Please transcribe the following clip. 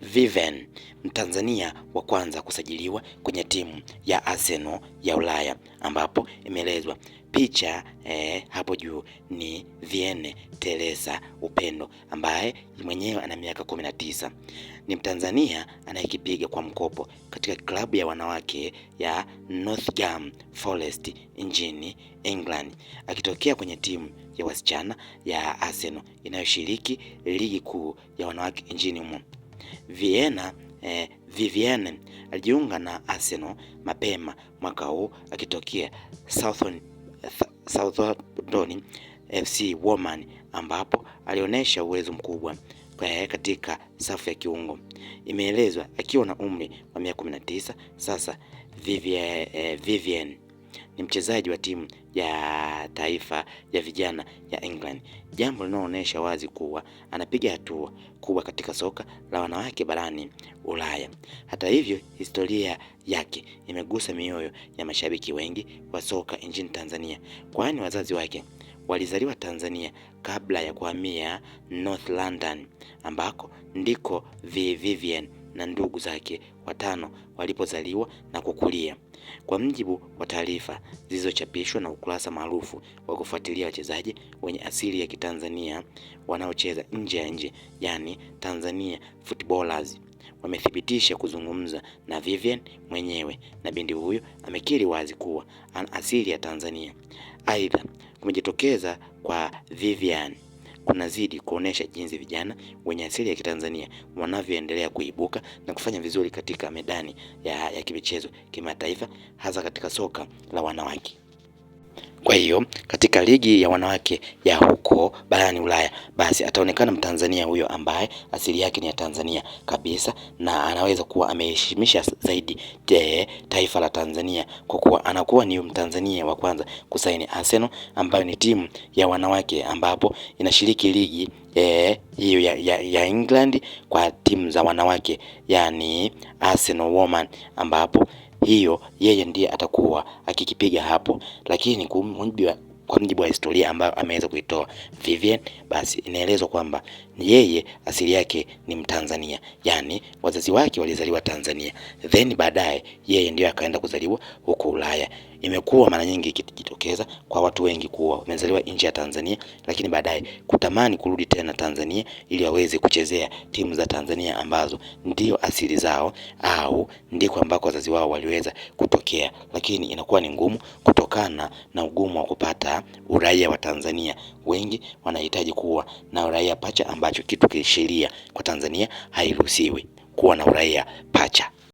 Viven, Mtanzania wa kwanza kusajiliwa kwenye timu ya Arsenal ya Ulaya, ambapo imeelezwa picha eh, hapo juu ni Vienne Teresa Upendo ambaye mwenyewe ana miaka 19. Ni Mtanzania anayekipiga kwa mkopo katika klabu ya wanawake ya Nottingham Forest nchini England, akitokea kwenye timu ya wasichana ya Arsenal inayoshiriki ligi kuu ya wanawake nchini humo. Vienna eh, Vivian alijiunga na Arsenal mapema mwaka huu akitokea Southon, Southampton FC Woman ambapo alionyesha uwezo mkubwa eh, katika safu ya kiungo. Imeelezwa akiwa na umri wa miaka 19 sasa Vivian, eh, Vivian ni mchezaji wa timu ya taifa ya vijana ya England, jambo linaloonyesha wazi kuwa anapiga hatua kubwa katika soka la wanawake barani Ulaya. Hata hivyo, historia yake imegusa mioyo ya mashabiki wengi wa soka nchini Tanzania, kwani wazazi wake walizaliwa Tanzania kabla ya kuhamia North London ambako ndiko Vivian na ndugu zake watano walipozaliwa na kukulia. Kwa mjibu wa taarifa zilizochapishwa na ukurasa maarufu wa kufuatilia wachezaji wenye asili ya Kitanzania wanaocheza nje ya nje, yani Tanzania Footballers, wamethibitisha kuzungumza na Vivian mwenyewe na binti huyo amekiri wazi kuwa ana asili ya Tanzania. Aidha, kumejitokeza kwa Vivian kunazidi kuonesha jinsi vijana wenye asili ya Kitanzania wanavyoendelea kuibuka na kufanya vizuri katika medani ya, ya kimichezo kimataifa hasa katika soka la wanawake. Kwa hiyo katika ligi ya wanawake ya huko barani Ulaya, basi ataonekana Mtanzania huyo ambaye asili yake ni ya Tanzania kabisa, na anaweza kuwa ameheshimisha zaidi te, eh, taifa la Tanzania kwa kuwa anakuwa ni Mtanzania wa kwanza kusaini Arsenal, ambayo ni timu ya wanawake ambapo inashiriki ligi eh, hiyo ya, ya, ya England kwa timu za wanawake, yani Arsenal Woman ambapo hiyo yeye ndiye atakuwa akikipiga hapo, lakini kwa mujibu kwa mjibu wa historia ambayo ameweza kuitoa Vivian, basi inaelezwa kwamba yeye asili yake ni Mtanzania, yani wazazi wake walizaliwa Tanzania, then baadaye yeye ndiyo akaenda kuzaliwa huko Ulaya. Imekuwa mara nyingi ikijitokeza kwa watu wengi kuwa wamezaliwa nje ya Tanzania, lakini baadaye kutamani kurudi tena Tanzania ili waweze kuchezea timu za Tanzania ambazo ndio asili zao au ndiko ambako wazazi wao waliweza kutokea, lakini inakuwa ni ngumu kutokana na ugumu wa kupata uraia wa Tanzania. Wengi wanahitaji kuwa na uraia pacha, ambacho kitu kisheria kwa Tanzania hairuhusiwi kuwa na uraia pacha.